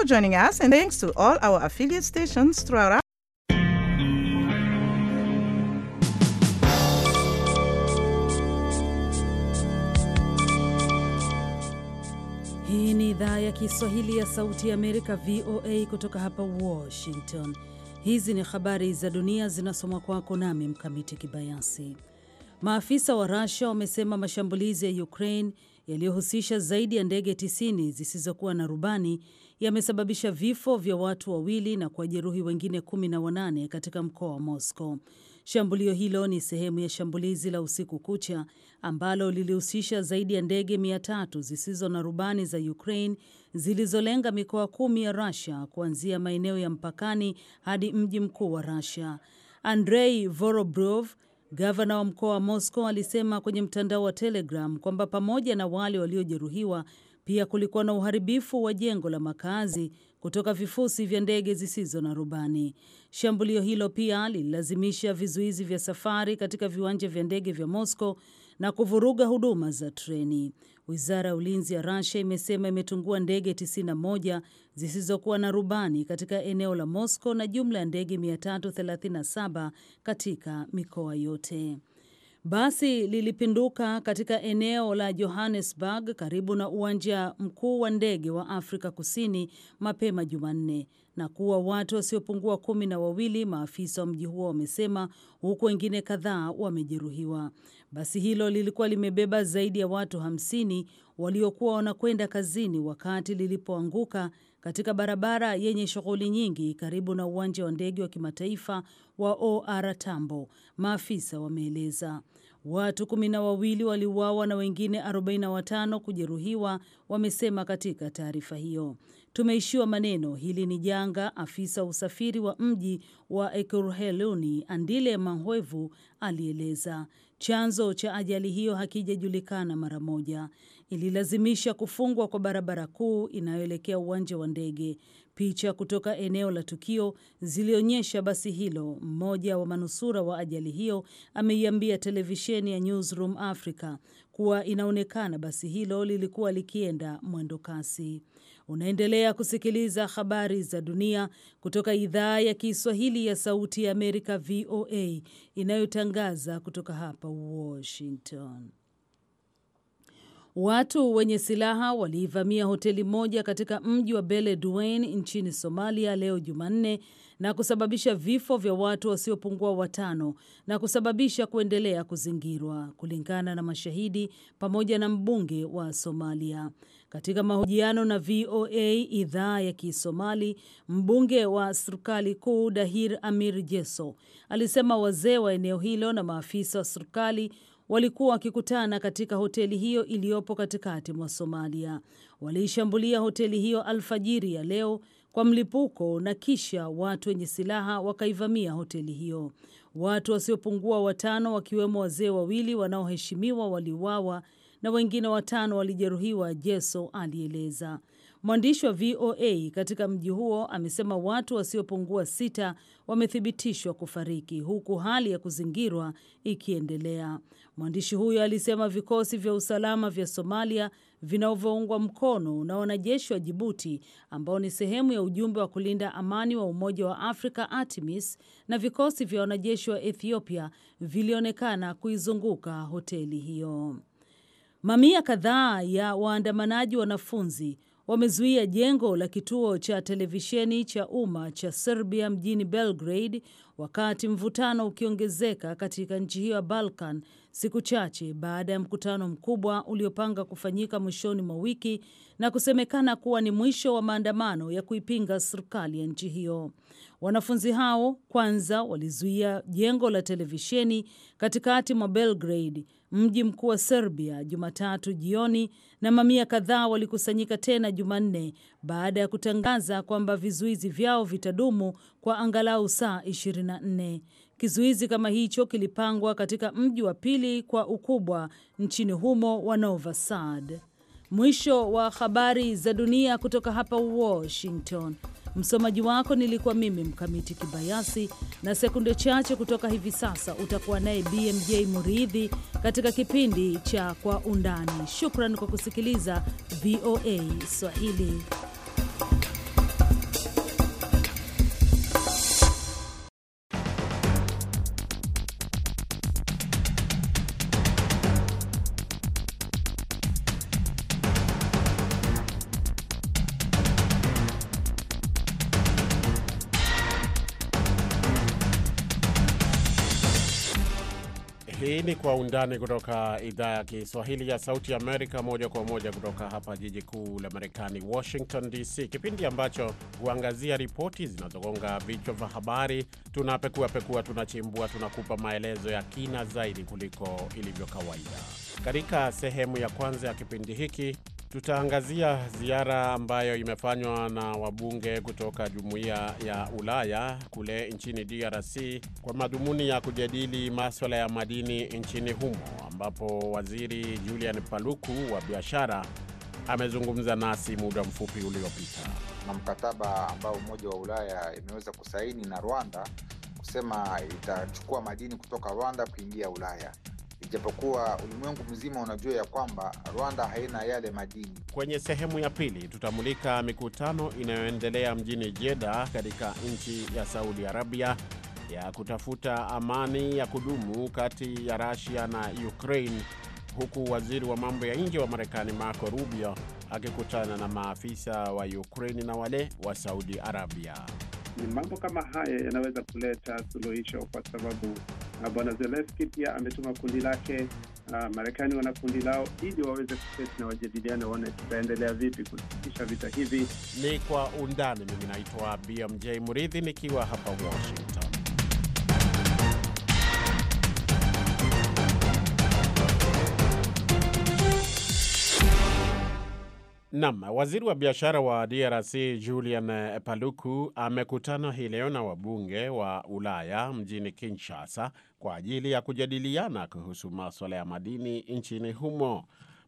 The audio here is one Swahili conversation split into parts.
for joining us and thanks to all our affiliate stations throughout Hii ni idhaa ya Kiswahili ya Sauti ya Amerika, VOA, kutoka hapa Washington. Hizi ni habari za dunia zinasomwa kwako nami Mkamiti Kibayasi. Maafisa wa Russia wamesema mashambulizi ya Ukraine yaliyohusisha zaidi ya ndege 90 zisizokuwa na rubani yamesababisha vifo vya watu wawili na kuwajeruhi wengine kumi na wanane katika mkoa wa Moscow. Shambulio hilo ni sehemu ya shambulizi la usiku kucha ambalo lilihusisha zaidi ya ndege mia tatu zisizo na rubani za Ukraine zilizolenga mikoa kumi ya rasia kuanzia maeneo ya mpakani hadi mji mkuu wa rasia Andrei Vorobrov, gavana wa mkoa wa Moscow, alisema kwenye mtandao wa Telegram kwamba pamoja na wale waliojeruhiwa pia kulikuwa na uharibifu wa jengo la makazi kutoka vifusi vya ndege zisizo na rubani. Shambulio hilo pia lililazimisha vizuizi vya safari katika viwanja vya ndege vya Moscow na kuvuruga huduma za treni. Wizara ya ulinzi ya Russia imesema imetungua ndege 91 zisizokuwa na rubani katika eneo la Moscow na jumla ya ndege 337 katika mikoa yote. Basi lilipinduka katika eneo la Johannesburg karibu na uwanja mkuu wa ndege wa Afrika Kusini mapema Jumanne na kuwa watu wasiopungua kumi na wawili, maafisa wa mji huo wamesema, huku wengine kadhaa wamejeruhiwa. Basi hilo lilikuwa limebeba zaidi ya watu hamsini waliokuwa wanakwenda kazini wakati lilipoanguka katika barabara yenye shughuli nyingi karibu na uwanja wa ndege wa kimataifa wa OR Tambo, maafisa wameeleza. Watu kumi na wawili waliuawa na wengine 45 kujeruhiwa, wamesema katika taarifa hiyo. Tumeishiwa maneno, hili ni janga, afisa usafiri wa mji wa ekurheluni Andile manhwevu alieleza. Chanzo cha ajali hiyo hakijajulikana mara moja ililazimisha kufungwa kwa barabara kuu inayoelekea uwanja wa ndege. Picha kutoka eneo la tukio zilionyesha basi hilo. Mmoja wa manusura wa ajali hiyo ameiambia televisheni ya Newsroom Africa kuwa inaonekana basi hilo lilikuwa likienda mwendo kasi. Unaendelea kusikiliza habari za dunia kutoka idhaa ya Kiswahili ya Sauti ya Amerika, VOA, inayotangaza kutoka hapa Washington. Watu wenye silaha waliivamia hoteli moja katika mji wa bele Beledweyne nchini Somalia leo Jumanne na kusababisha vifo vya watu wasiopungua watano na kusababisha kuendelea kuzingirwa, kulingana na mashahidi pamoja na mbunge wa Somalia. Katika mahojiano na VOA idhaa ya Kisomali, mbunge wa serikali kuu Dahir Amir Jeso alisema wazee wa eneo hilo na maafisa wa serikali walikuwa wakikutana katika hoteli hiyo iliyopo katikati mwa Somalia. Waliishambulia hoteli hiyo alfajiri ya leo kwa mlipuko na kisha watu wenye silaha wakaivamia hoteli hiyo. Watu wasiopungua watano wakiwemo wazee wawili wanaoheshimiwa waliuawa na wengine watano walijeruhiwa, Jeso alieleza. Mwandishi wa VOA katika mji huo amesema watu wasiopungua sita wamethibitishwa kufariki huku hali ya kuzingirwa ikiendelea. Mwandishi huyo alisema vikosi vya usalama vya Somalia vinavyoungwa mkono na wanajeshi wa Jibuti ambao ni sehemu ya ujumbe wa kulinda amani wa Umoja wa Afrika ATMIS na vikosi vya wanajeshi wa Ethiopia vilionekana kuizunguka hoteli hiyo. Mamia kadhaa ya waandamanaji wanafunzi wamezuia jengo la kituo cha televisheni cha umma cha Serbia mjini Belgrade wakati mvutano ukiongezeka katika nchi hiyo ya Balkan siku chache baada ya mkutano mkubwa uliopanga kufanyika mwishoni mwa wiki na kusemekana kuwa ni mwisho wa maandamano ya kuipinga serikali ya nchi hiyo. Wanafunzi hao kwanza walizuia jengo la televisheni katikati mwa Belgrade mji mkuu wa Serbia Jumatatu jioni, na mamia kadhaa walikusanyika tena Jumanne baada ya kutangaza kwamba vizuizi vyao vitadumu kwa angalau saa 24. Kizuizi kama hicho kilipangwa katika mji wa pili kwa ukubwa nchini humo wa Novi Sad. Mwisho wa habari za dunia kutoka hapa Washington. Msomaji wako nilikuwa mimi Mkamiti Kibayasi, na sekunde chache kutoka hivi sasa utakuwa naye BMJ Muridhi katika kipindi cha Kwa Undani. Shukran kwa kusikiliza VOA Swahili. kwa undani kutoka idhaa ya Kiswahili ya Sauti Amerika, moja kwa moja kutoka hapa jiji kuu la Marekani, Washington DC, kipindi ambacho huangazia ripoti zinazogonga vichwa vya habari. Tunapekuapekua, tunachimbua, tunakupa maelezo ya kina zaidi kuliko ilivyo kawaida. Katika sehemu ya kwanza ya kipindi hiki Tutaangazia ziara ambayo imefanywa na wabunge kutoka jumuiya ya Ulaya kule nchini DRC kwa madhumuni ya kujadili maswala ya madini nchini humo, ambapo waziri Julian Paluku wa biashara amezungumza nasi muda mfupi uliopita na mkataba ambao Umoja wa Ulaya imeweza kusaini na Rwanda kusema itachukua madini kutoka Rwanda kuingia Ulaya ijapokuwa ulimwengu mzima unajua ya kwamba Rwanda haina yale madini. Kwenye sehemu ya pili tutamulika mikutano inayoendelea mjini jeda katika nchi ya Saudi Arabia ya kutafuta amani ya kudumu kati ya rasia na Ukraine, huku waziri wa mambo ya nje wa Marekani Marco Rubio akikutana na maafisa wa Ukraine na wale wa Saudi Arabia. Ni mambo kama haya yanaweza kuleta suluhisho kwa sababu Bwana Zelenski pia ametuma kundi lake uh, Marekani wana kundi lao ili waweze kuketi na wajadiliane, waone tutaendelea vipi kusitisha vita hivi. Ni kwa undani. Mimi naitwa BMJ mridhi nikiwa hapa Washington. Naam, waziri wa biashara wa DRC Julian eh, Paluku amekutana hii leo na wabunge wa Ulaya mjini Kinshasa kwa ajili ya kujadiliana kuhusu maswala ya madini nchini humo.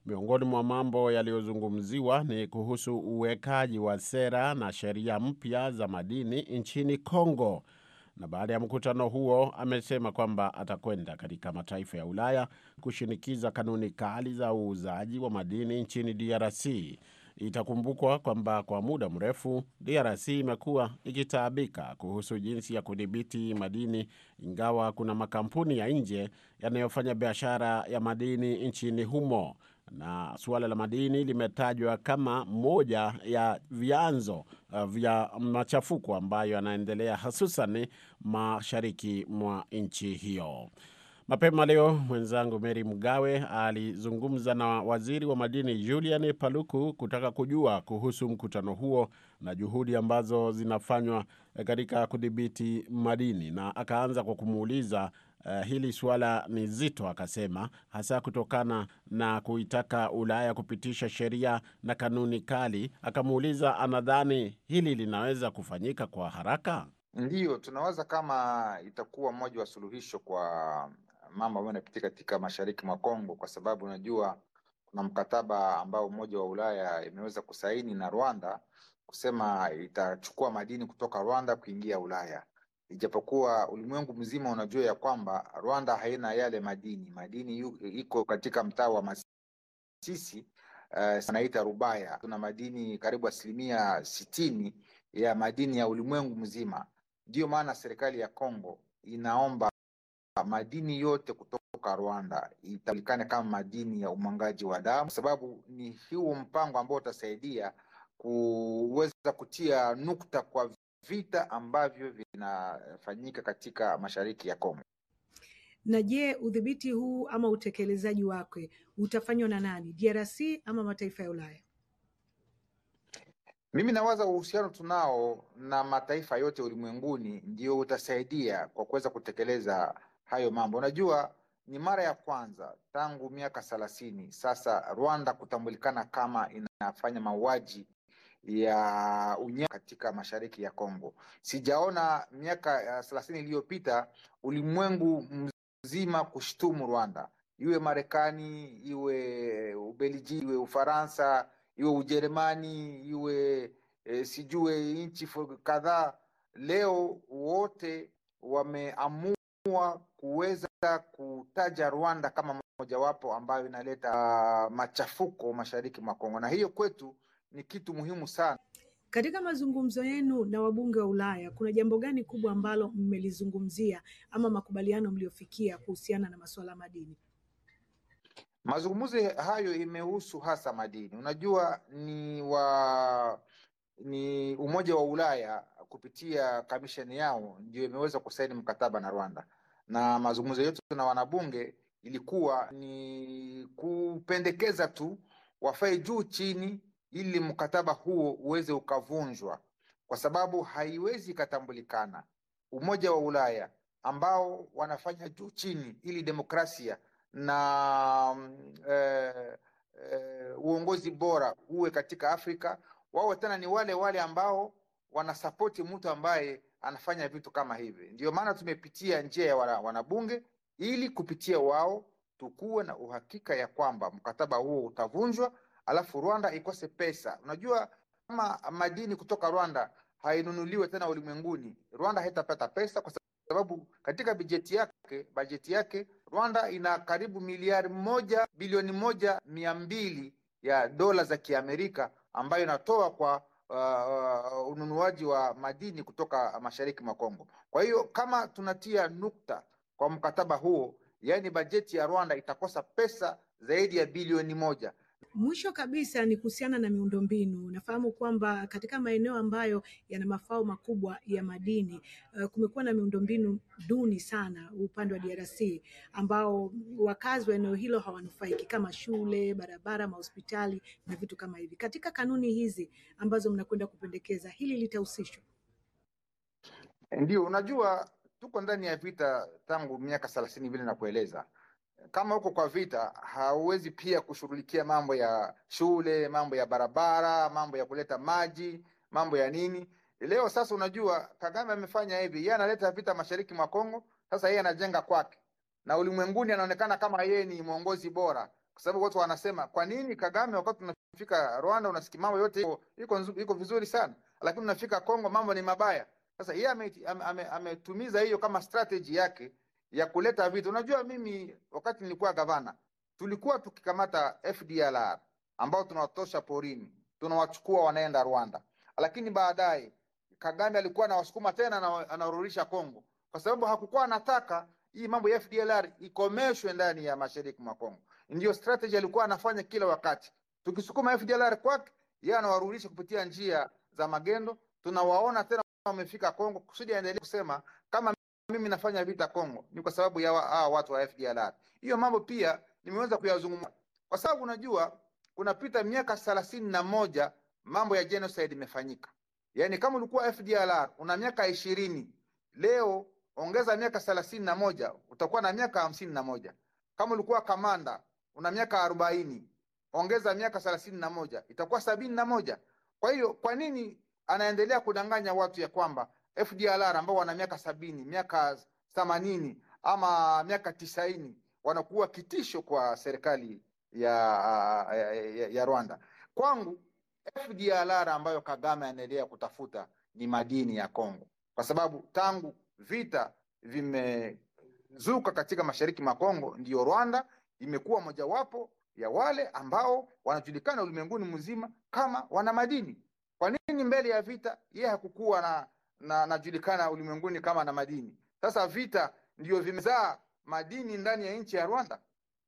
Miongoni mwa mambo yaliyozungumziwa ni kuhusu uwekaji wa sera na sheria mpya za madini nchini Kongo. Na baada ya mkutano huo amesema kwamba atakwenda katika mataifa ya Ulaya kushinikiza kanuni kali za uuzaji wa madini nchini DRC. Itakumbukwa kwamba kwa muda mrefu DRC imekuwa ikitaabika kuhusu jinsi ya kudhibiti madini, ingawa kuna makampuni ya nje yanayofanya biashara ya madini nchini humo, na suala la madini limetajwa kama moja ya vyanzo eh, vya machafuko ambayo yanaendelea hususan mashariki mwa nchi hiyo. Mapema leo mwenzangu meri Mgawe alizungumza na waziri wa madini Julian Paluku kutaka kujua kuhusu mkutano huo na juhudi ambazo zinafanywa eh, katika kudhibiti madini, na akaanza kwa kumuuliza uh, hili suala ni zito, akasema hasa kutokana na kuitaka Ulaya kupitisha sheria na kanuni kali. Akamuuliza anadhani hili linaweza kufanyika kwa haraka. Ndiyo, tunawaza kama itakuwa mmoja wa suluhisho kwa mambo ambayo yanapitika katika mashariki mwa Kongo, kwa sababu unajua kuna mkataba ambao Umoja wa Ulaya imeweza kusaini na Rwanda kusema itachukua madini kutoka Rwanda kuingia Ulaya, ijapokuwa ulimwengu mzima unajua ya kwamba Rwanda haina yale madini. Madini yu, iko katika mtaa wa Masisi uh, Rubaya. Tuna madini karibu asilimia sitini ya madini ya ulimwengu mzima. Ndiyo maana serikali ya Kongo inaomba madini yote kutoka Rwanda itajulikane kama madini ya umwangaji wa damu, kwa sababu ni huu mpango ambao utasaidia kuweza kutia nukta kwa vita ambavyo vinafanyika katika mashariki ya Kongo. Na je, udhibiti huu ama utekelezaji wake utafanywa na nani, DRC ama mataifa ya Ulaya? Mimi nawaza uhusiano tunao na mataifa yote ulimwenguni ndio utasaidia kwa kuweza kutekeleza hayo mambo. Unajua, ni mara ya kwanza tangu miaka thelathini sasa Rwanda kutambulikana kama inafanya mauaji ya unya katika mashariki ya Kongo. Sijaona miaka eh, thelathini iliyopita ulimwengu mzima kushtumu Rwanda, iwe Marekani, iwe Ubelgiji, iwe Ufaransa, iwe Ujerumani, iwe e, sijue nchi kadhaa. Leo wote wameamua kuweza kutaja Rwanda kama mojawapo ambayo inaleta uh, machafuko mashariki mwa Kongo, na hiyo kwetu ni kitu muhimu sana. Katika mazungumzo yenu na wabunge wa Ulaya, kuna jambo gani kubwa ambalo mmelizungumzia ama makubaliano mliofikia kuhusiana na masuala madini? Mazungumzo hayo imehusu hasa madini. Unajua ni wa ni Umoja wa Ulaya kupitia kamisheni yao ndio imeweza kusaini mkataba na Rwanda na mazungumzo yetu na wanabunge ilikuwa ni kupendekeza tu wafae juu chini, ili mkataba huo uweze ukavunjwa, kwa sababu haiwezi ikatambulikana Umoja wa Ulaya ambao wanafanya juu chini ili demokrasia na e, e, uongozi bora uwe katika Afrika, wao tena ni wale wale ambao wanasapoti mtu ambaye anafanya vitu kama hivi. Ndio maana tumepitia njia ya wanabunge ili kupitia wao tukuwe na uhakika ya kwamba mkataba huo utavunjwa, alafu Rwanda ikose pesa. Unajua, kama madini kutoka Rwanda hainunuliwe tena ulimwenguni, Rwanda haitapata pesa kwa sababu katika bajeti yake bajeti yake Rwanda ina karibu miliari moja bilioni moja mia mbili ya dola za Kiamerika ambayo inatoa kwa Uh, uh, ununuaji wa madini kutoka mashariki mwa Kongo. Kwa hiyo kama tunatia nukta kwa mkataba huo, yaani bajeti ya Rwanda itakosa pesa zaidi ya bilioni moja Mwisho kabisa ni kuhusiana na miundombinu. Nafahamu kwamba katika maeneo ambayo yana mafao makubwa ya madini uh, kumekuwa na miundombinu duni sana upande wa DRC ambao wakazi wa eneo hilo hawanufaiki kama shule, barabara, mahospitali na vitu kama hivi. Katika kanuni hizi ambazo mnakwenda kupendekeza, hili litahusishwa? Ndio, unajua tuko ndani ya vita tangu miaka thelathini vile na kueleza kama huko kwa vita hauwezi pia kushughulikia mambo ya shule, mambo ya barabara, mambo ya kuleta maji, mambo ya nini. Leo sasa, unajua Kagame amefanya hivi, yeye analeta vita mashariki mwa Kongo, sasa yeye anajenga kwake, na ulimwenguni anaonekana kama yeye ni mwongozi bora, kwa sababu watu wanasema kwa nini Kagame, wakati tunafika Rwanda unasikia mambo yote iko iko vizuri sana, lakini unafika Kongo mambo ni mabaya. Sasa yeye ametumiza ame, ame hiyo kama strategy yake ya kuleta vitu. Unajua, mimi wakati nilikuwa gavana, tulikuwa tukikamata FDLR ambao tunawatosha porini, tunawachukua wanaenda Rwanda, lakini baadaye Kagame alikuwa anawasukuma tena, na anarudisha Kongo, kwa sababu hakukuwa anataka hii mambo ya FDLR ikomeshwe ndani ya mashariki mwa Kongo. Ndio strategy alikuwa anafanya kila wakati, tukisukuma FDLR kwake, yeye anawarudisha kupitia njia za magendo. Tunawaona tena wamefika Kongo kusudi aendelee kusema mimi nafanya vita Kongo ni kwa sababu ya hawa watu wa FDLR. Hiyo mambo pia nimeweza kuyazungumza, kwa sababu unajua kunapita miaka thelathini na moja mambo ya genocide imefanyika. Yaani kama ulikuwa FDLR una miaka ishirini leo ongeza miaka thelathini na moja utakuwa na miaka hamsini na moja Kama ulikuwa kamanda una miaka arobaini ongeza miaka thelathini na moja itakuwa sabini na moja Kwa hiyo kwa nini anaendelea kudanganya watu ya kwamba FDLR ambao wana miaka sabini, miaka themanini ama miaka tisaini wanakuwa kitisho kwa serikali ya, ya, ya, ya Rwanda. Kwangu FDLR ambayo Kagame anaendelea kutafuta ni madini ya Kongo, kwa sababu tangu vita vimezuka katika mashariki mwa Kongo, ndiyo Rwanda imekuwa mojawapo ya wale ambao wanajulikana ulimwenguni mzima kama wana madini. Kwa nini mbele ya vita yeye hakukuwa na na najulikana ulimwenguni kama na madini. Sasa vita ndio vimezaa madini ndani ya nchi ya Rwanda.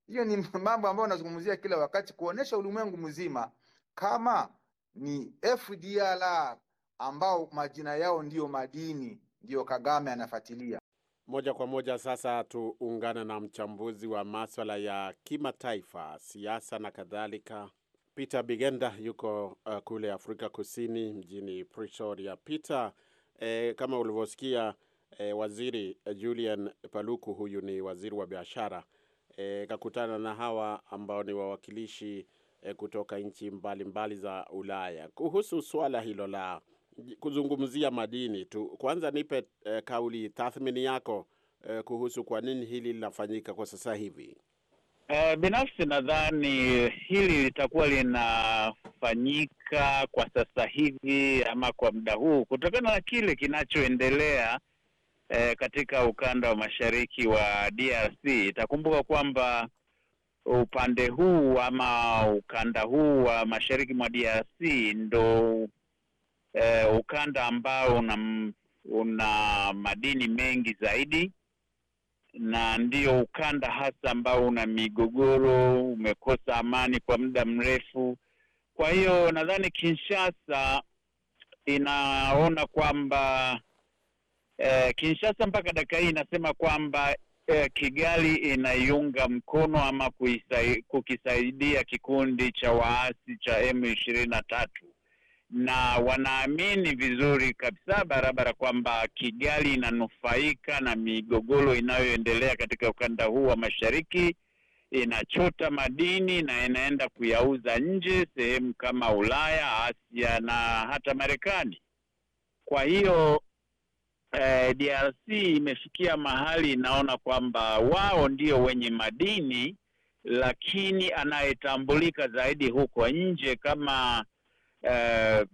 Hiyo ni mambo ambayo nazungumzia kila wakati, kuonesha ulimwengu mzima kama ni FDLR ambao majina yao ndiyo madini, ndiyo Kagame anafuatilia moja kwa moja. Sasa tuungana na mchambuzi wa maswala ya kimataifa, siasa na kadhalika, Peter Bigenda yuko uh, kule Afrika Kusini mjini Pretoria. Peter, e, kama ulivyosikia e, waziri eh, Julian Paluku, huyu ni waziri wa biashara e, kakutana na hawa ambao ni wawakilishi e, kutoka nchi mbalimbali za Ulaya kuhusu swala hilo la kuzungumzia madini tu. Kwanza nipe e, kauli tathmini yako e, kuhusu kwa nini hili linafanyika kwa sasa hivi. Uh, binafsi nadhani hili litakuwa linafanyika kwa sasa hivi ama kwa muda huu kutokana na kile kinachoendelea eh, katika ukanda wa mashariki wa DRC. Itakumbuka kwamba upande huu ama ukanda huu wa mashariki mwa DRC ndo eh, ukanda ambao una, una madini mengi zaidi na ndio ukanda hasa ambao una migogoro, umekosa amani kwa muda mrefu. Kwa hiyo nadhani Kinshasa inaona kwamba eh, Kinshasa mpaka dakika hii inasema kwamba eh, Kigali inaiunga mkono ama kukisaidia kikundi cha waasi cha M ishirini na tatu na wanaamini vizuri kabisa barabara kwamba Kigali inanufaika na migogoro inayoendelea katika ukanda huu wa mashariki, inachota madini na inaenda kuyauza nje sehemu kama Ulaya, Asia na hata Marekani. Kwa hiyo eh, DRC imefikia mahali inaona kwamba wao ndio wenye madini, lakini anayetambulika zaidi huko nje kama Eh,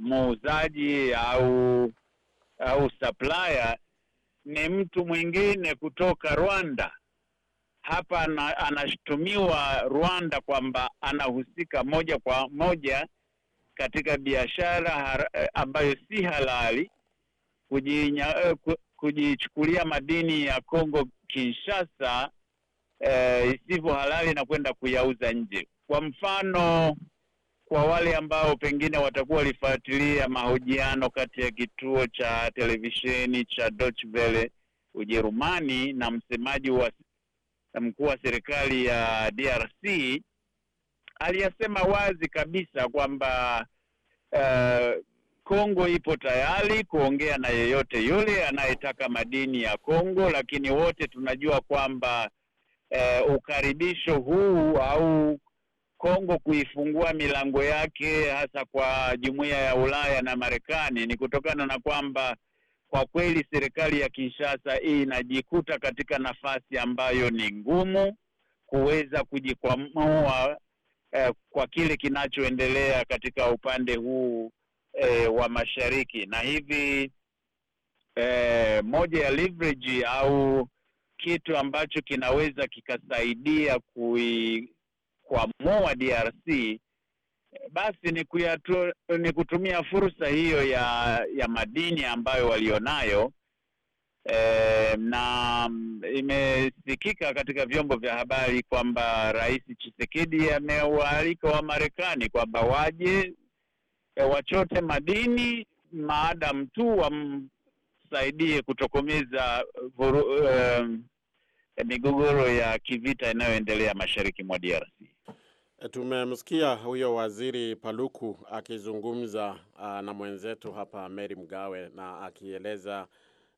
muuzaji au au supplier ni mtu mwingine kutoka Rwanda. Hapa anashutumiwa Rwanda kwamba anahusika moja kwa moja katika biashara eh, ambayo si halali, eh, kujichukulia madini ya Kongo Kinshasa eh, isivyo halali na kwenda kuyauza nje. Kwa mfano kwa wale ambao pengine watakuwa walifuatilia mahojiano kati ya kituo cha televisheni cha Deutsche Welle Ujerumani na msemaji wa mkuu wa serikali ya DRC aliyasema wazi kabisa kwamba uh, Kongo ipo tayari kuongea na yeyote yule anayetaka madini ya Kongo, lakini wote tunajua kwamba uh, ukaribisho huu au Kongo kuifungua milango yake hasa kwa jumuiya ya Ulaya na Marekani ni kutokana na kwamba kwa kweli serikali ya Kinshasa hii inajikuta katika nafasi ambayo ni ngumu kuweza kujikwamua eh, kwa kile kinachoendelea katika upande huu eh, wa mashariki na hivi eh, moja ya leverage au kitu ambacho kinaweza kikasaidia kui kuamua DRC basi ni, kuyatu, ni kutumia fursa hiyo ya ya madini ambayo walionayo e, na mm, imesikika katika vyombo vya habari kwamba Rais chisekedi amewaalika wa Marekani kwamba waje e, wachote madini maadamu tu wamsaidie kutokomeza vuru, eh, Eh, migogoro ya kivita inayoendelea mashariki mwa DRC. Eh, tumemsikia huyo waziri Paluku akizungumza ah, na mwenzetu hapa Mary Mgawe na akieleza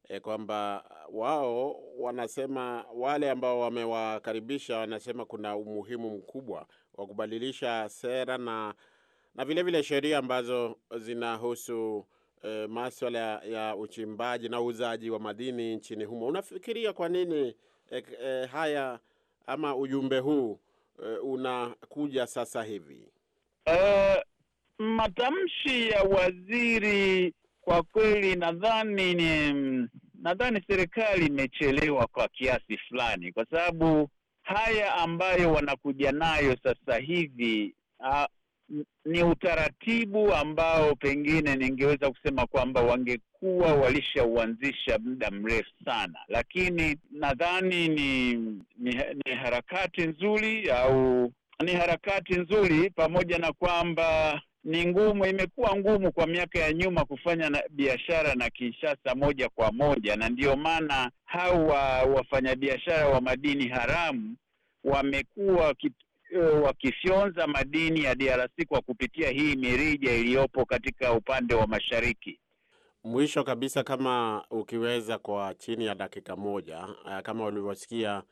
e, kwamba wao wanasema wale ambao wamewakaribisha wanasema kuna umuhimu mkubwa wa kubadilisha sera na na vile vile sheria ambazo zinahusu e, maswala ya uchimbaji na uuzaji wa madini nchini humo. Unafikiria kwa nini e, e, haya ama ujumbe huu e, unakuja sasa hivi? Uh, matamshi ya waziri kwa kweli nadhani ni nadhani serikali imechelewa kwa kiasi fulani, kwa sababu haya ambayo wanakuja nayo sasa hivi ah, ni utaratibu ambao pengine ningeweza kusema kwamba wangekuwa walishauanzisha muda mrefu sana, lakini nadhani ni, ni ni harakati nzuri au ni harakati nzuri, pamoja na kwamba ni ngumu, imekuwa ngumu kwa miaka ya nyuma kufanya na biashara na Kinshasa moja kwa moja, na ndiyo maana hawa wafanyabiashara wa madini haramu wamekuwa Eh, wakifyonza madini ya DRC kwa kupitia hii mirija iliyopo katika upande wa mashariki. Mwisho kabisa, kama ukiweza, kwa chini ya dakika moja, eh, kama ulivyosikia,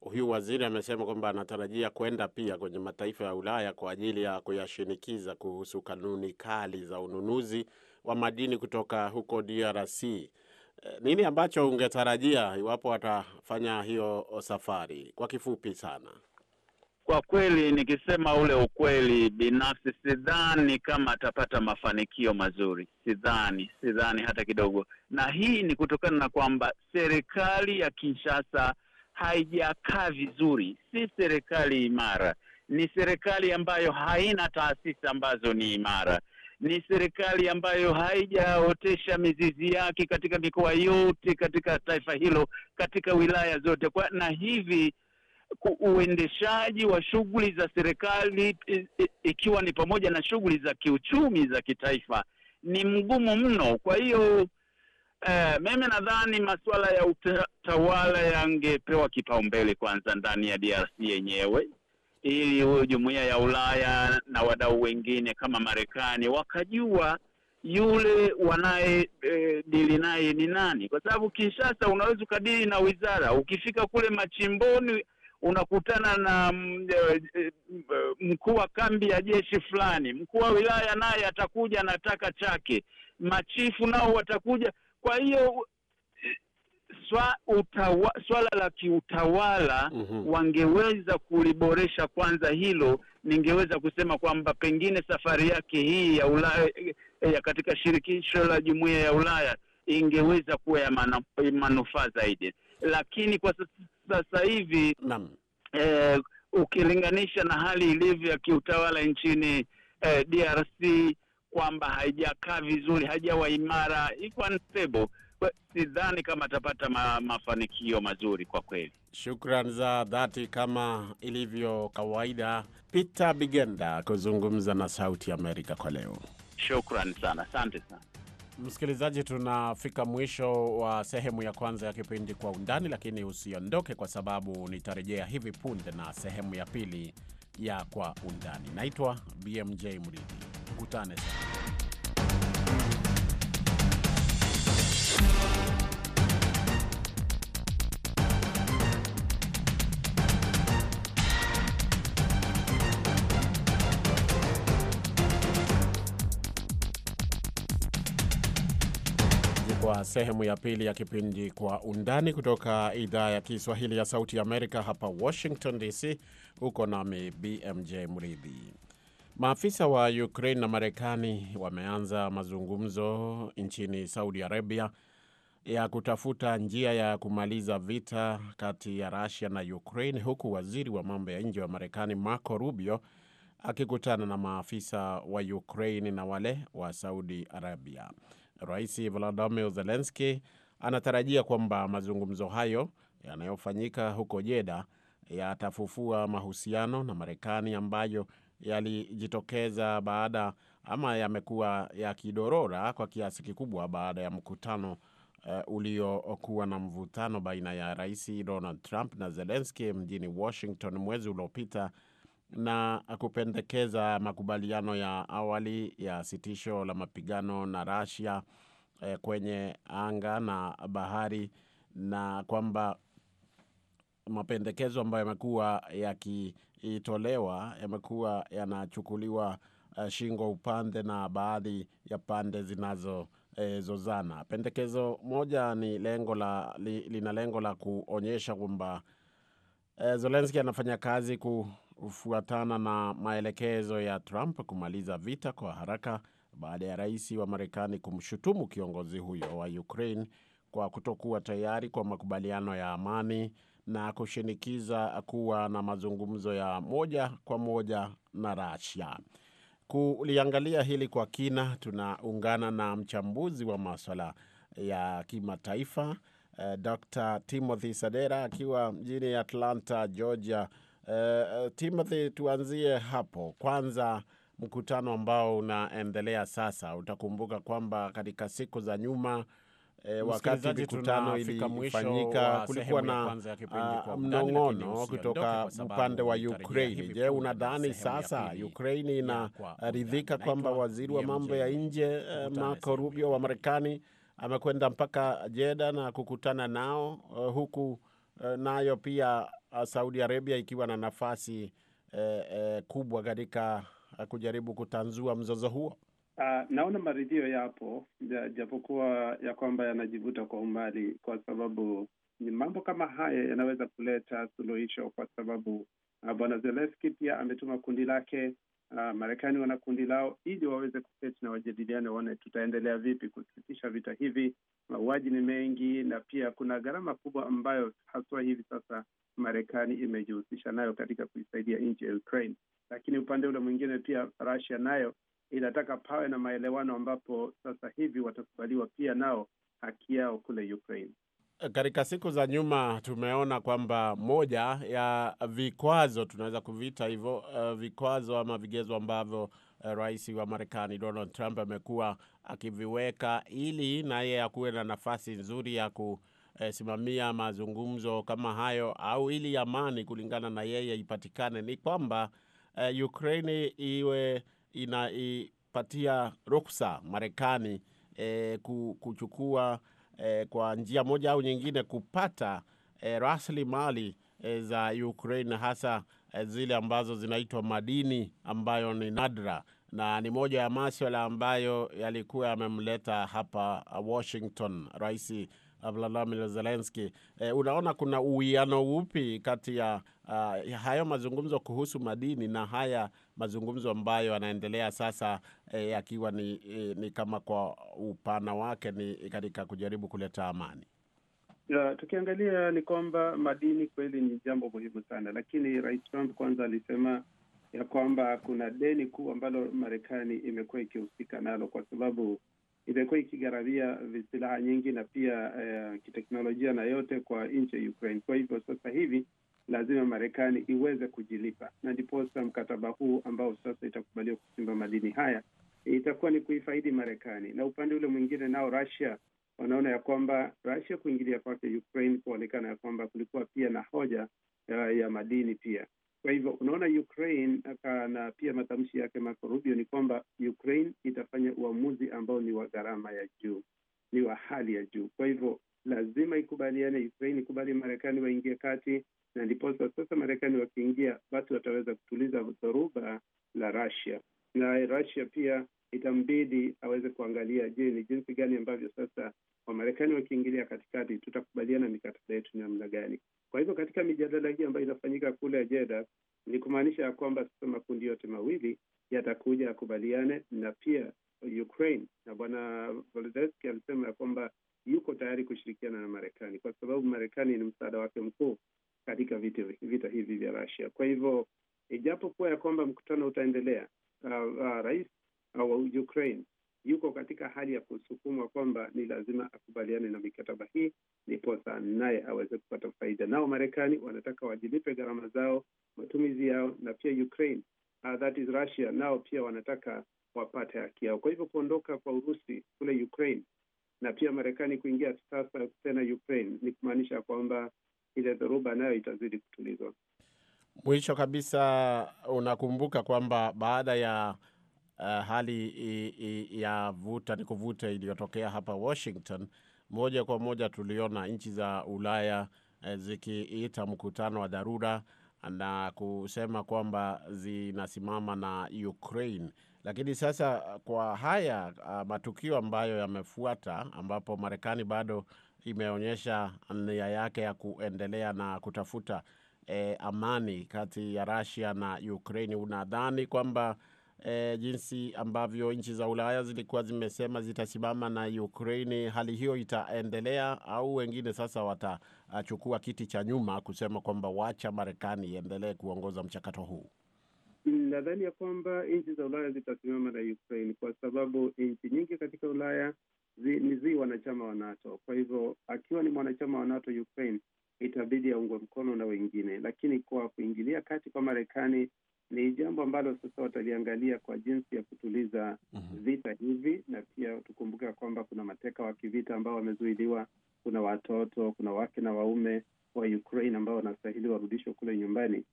huyu waziri amesema kwamba anatarajia kwenda pia kwenye mataifa ya Ulaya kwa ajili ya kuyashinikiza kuhusu kanuni kali za ununuzi wa madini kutoka huko DRC. Eh, nini ambacho ungetarajia iwapo atafanya hiyo safari? Kwa kifupi sana kwa kweli nikisema ule ukweli binafsi, sidhani kama atapata mafanikio mazuri, sidhani, sidhani hata kidogo. Na hii ni kutokana na kwamba serikali ya Kinshasa haijakaa vizuri, si serikali imara, ni serikali ambayo haina taasisi ambazo ni imara, ni serikali ambayo haijaotesha mizizi yake katika mikoa yote katika taifa hilo, katika wilaya zote kwa, na hivi uendeshaji wa shughuli za serikali ikiwa ni pamoja na shughuli za kiuchumi za kitaifa ni mgumu mno. Kwa hiyo eh, mimi nadhani masuala ya utawala yangepewa kipaumbele kwanza ndani ya DRC yenyewe, ili huyo jumuiya ya Ulaya na wadau wengine kama Marekani wakajua yule wanaye eh, dili naye ni nani, kwa sababu Kinshasa unaweza ukadili na wizara, ukifika kule machimboni unakutana na mm, eh, eh, mkuu wa kambi ya jeshi fulani, mkuu wa wilaya naye atakuja na taka chake, machifu nao watakuja. Kwa hiyo eh, swa, utawa, swala la kiutawala mm -hmm. wangeweza kuliboresha kwanza hilo. Ningeweza kusema kwamba pengine safari yake hii ya Ulaya ya katika shirikisho la jumuiya ya Ulaya ingeweza kuwa ya manufaa zaidi, lakini kwa sasa sasa hivi eh, ukilinganisha na hali ilivyo ya kiutawala nchini eh, DRC kwamba haijakaa vizuri, haijawa imara, iko unstable. Sidhani kama atapata ma, mafanikio mazuri kwa kweli. Shukran za dhati kama ilivyo kawaida, Peter Bigenda kuzungumza na Sauti Amerika kwa leo. Shukran sana, asante sana. Msikilizaji, tunafika mwisho wa sehemu ya kwanza ya kipindi Kwa Undani, lakini usiondoke, kwa sababu nitarejea hivi punde na sehemu ya pili ya Kwa Undani. Naitwa BMJ Mridhi, tukutane sana. kwa sehemu ya pili ya kipindi Kwa Undani kutoka idhaa ya Kiswahili ya Sauti ya Amerika hapa Washington DC. Huko nami BMJ Mridhi. Maafisa wa Ukraine na Marekani wameanza mazungumzo nchini Saudi Arabia ya kutafuta njia ya kumaliza vita kati ya Rusia na Ukraine, huku waziri wa mambo ya nje wa Marekani Marco Rubio akikutana na maafisa wa Ukraine na wale wa Saudi Arabia. Rais Volodymyr Zelensky anatarajia kwamba mazungumzo hayo yanayofanyika huko jeda yatafufua mahusiano na Marekani ambayo yalijitokeza baada ama yamekuwa yakidorora kwa kiasi kikubwa baada ya mkutano uh, uliokuwa na mvutano baina ya Rais Donald Trump na Zelensky mjini Washington mwezi uliopita na kupendekeza makubaliano ya awali ya sitisho la mapigano na Russia eh, kwenye anga na bahari na kwamba mapendekezo ambayo yamekuwa yakitolewa yamekuwa yanachukuliwa uh, shingo upande na baadhi ya pande zinazo E, pendekezo moja ni lengo la li, lina lengo la kuonyesha kwamba e, Zelensky anafanya kazi ku hufuatana na maelekezo ya Trump kumaliza vita kwa haraka baada ya rais wa Marekani kumshutumu kiongozi huyo wa Ukraine kwa kutokuwa tayari kwa makubaliano ya amani na kushinikiza kuwa na mazungumzo ya moja kwa moja na Russia. Kuliangalia hili kwa kina, tunaungana na mchambuzi wa maswala ya kimataifa eh, Dr. Timothy Sadera akiwa mjini Atlanta, Georgia Eh, eh, Timothy, tuanzie hapo kwanza. Mkutano ambao unaendelea sasa, utakumbuka kwamba katika siku za nyuma E, wakati mikutano ilifanyika kulikuwa na ah, mnong'ono kutoka upande wa Ukraini. Je, unadhani sasa Ukraini inaridhika kwamba waziri wa mambo ya nje Marco Rubio wa Marekani amekwenda mpaka Jeda na kukutana nao, uh, huku uh, nayo pia Uh, Saudi Arabia ikiwa na nafasi eh, eh, kubwa katika uh, kujaribu kutanzua mzozo huo? Uh, naona maridhio yapo japokuwa ya kwamba yanajivuta kwa umbali, kwa sababu ni mambo kama haya yanaweza kuleta suluhisho, kwa sababu uh, bwana zelenski pia ametuma kundi lake uh, Marekani wana kundi lao ili waweze kuketi na wajadiliane, waone tutaendelea vipi kusitisha vita hivi. Mauaji ni mengi na pia kuna gharama kubwa ambayo haswa hivi sasa Marekani imejihusisha nayo katika kuisaidia nchi ya Ukraine. Lakini upande ule mwingine pia Russia nayo inataka pawe na maelewano ambapo sasa hivi watakubaliwa pia nao haki yao kule Ukraine. Katika siku za nyuma tumeona kwamba moja ya vikwazo tunaweza kuviita hivyo, uh, vikwazo ama vigezo ambavyo uh, rais wa Marekani Donald Trump amekuwa akiviweka ili naye akuwe na nafasi nzuri ya ku e, simamia mazungumzo kama hayo au ili amani kulingana na yeye ipatikane ni kwamba eh, Ukraini iwe inaipatia ruksa Marekani eh, kuchukua eh, kwa njia moja au nyingine kupata e, rasilimali eh, za Ukraine hasa eh, zile ambazo zinaitwa madini ambayo ni nadra na ni moja ya maswala ambayo yalikuwa yamemleta hapa Washington rais Vladimir zelenski E, unaona kuna uwiano upi kati ya uh, hayo mazungumzo kuhusu madini na haya mazungumzo ambayo yanaendelea sasa e, yakiwa eh, ni, eh, ni kama kwa upana wake ni katika kujaribu kuleta amani? Ya, tukiangalia ni kwamba madini kweli ni jambo muhimu sana, lakini Rais Trump kwanza alisema ya kwamba kuna deni kuu ambalo Marekani imekuwa ikihusika nalo kwa sababu itakuwa ikigharamia silaha nyingi na pia uh, kiteknolojia na yote kwa nchi ya Ukraine. Kwa hivyo sasa hivi lazima Marekani iweze kujilipa, na ndiposa mkataba huu ambao sasa itakubaliwa kuchimba madini haya itakuwa ni kuifaidi Marekani. Na upande ule mwingine nao Russia wanaona ya kwamba Russia kuingilia kwake Ukraine kuonekana ya kwamba kulikuwa pia na hoja ya, eh, ya madini pia kwa hivyo unaona Ukraine aka, na pia matamshi yake Marco Rubio ni kwamba Ukraine itafanya uamuzi ambao ni wa gharama ya juu, ni wa hali ya juu. Kwa hivyo lazima ikubaliane, Ukraine ikubali Marekani waingie kati, na ndiposa sasa Marekani wakiingia, basi wataweza kutuliza dhoruba la Russia, na Russia pia itambidi aweze kuangalia, je, ni jinsi gani ambavyo sasa Wamarekani wakiingilia katikati tutakubaliana mikataba yetu namna gani? Kwa hivyo katika mijadala hii ambayo inafanyika kule jeda ni kumaanisha ya kwamba sasa makundi yote mawili yatakuja yakubaliane, na pia Ukraine na bwana volodeski alisema ya kwamba yuko tayari kushirikiana na Marekani kwa sababu Marekani ni msaada wake mkuu katika vita, vita hivi vya Russia. Kwa hivyo ijapokuwa ya kwamba mkutano utaendelea, uh, uh, rais uh, wa Ukraine yuko katika hali ya kusukumwa kwamba ni lazima akubaliane na mikataba hii, ndiposa naye aweze kupata faida. Nao Marekani wanataka wajilipe gharama zao, matumizi yao, na pia Ukraine, uh, that is Russia, nao pia wanataka wapate haki yao. Kwa hivyo kuondoka kwa Urusi kule Ukraine na pia Marekani kuingia sasa tena Ukraine ni kumaanisha kwamba ile dhoruba nayo itazidi kutulizwa. Mwisho kabisa, unakumbuka kwamba baada ya uh, hali i, i, ya vuta ni kuvuta iliyotokea hapa Washington, moja kwa moja tuliona nchi za Ulaya uh, zikiita mkutano wa dharura na kusema kwamba zinasimama na Ukraine. Lakini sasa kwa haya uh, matukio ambayo yamefuata, ambapo Marekani bado imeonyesha nia yake ya kuendelea na kutafuta eh, amani kati ya Russia na Ukraine, unadhani kwamba e, jinsi ambavyo nchi za Ulaya zilikuwa zimesema zitasimama na Ukraini, hali hiyo itaendelea au wengine sasa watachukua kiti cha nyuma kusema kwamba wacha Marekani iendelee kuongoza mchakato huu? Mm, nadhani ya kwamba nchi za Ulaya zitasimama na Ukraine kwa sababu nchi nyingi katika Ulaya zi, ni zi wanachama wa NATO. Kwa hivyo akiwa ni mwanachama wa NATO, Ukraine itabidi aungwe mkono na wengine, lakini kwa kuingilia kati kwa Marekani ni jambo ambalo sasa wataliangalia kwa jinsi ya kutuliza mhm. vita hivi, na pia tukumbuke kwamba kuna mateka wa kivita ambao wamezuiliwa, kuna watoto, kuna wake na waume wa Ukraine ambao wanastahili warudishwe kule nyumbani.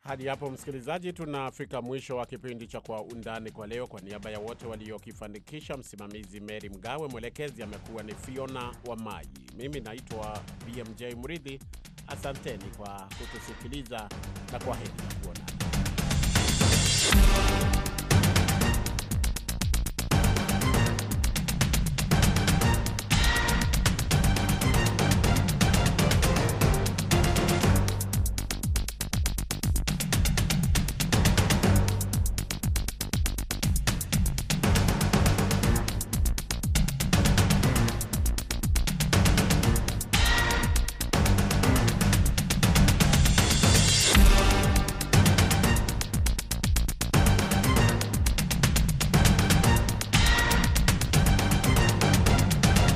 Hadi hapo msikilizaji, tunafika mwisho wa kipindi cha Kwa Undani kwa leo. Kwa niaba ya wote waliokifanikisha, msimamizi Meri Mgawe, mwelekezi amekuwa ni Fiona wa Maji, mimi naitwa BMJ Mridhi. Asanteni kwa kutusikiliza na kwa heri ya kuonana.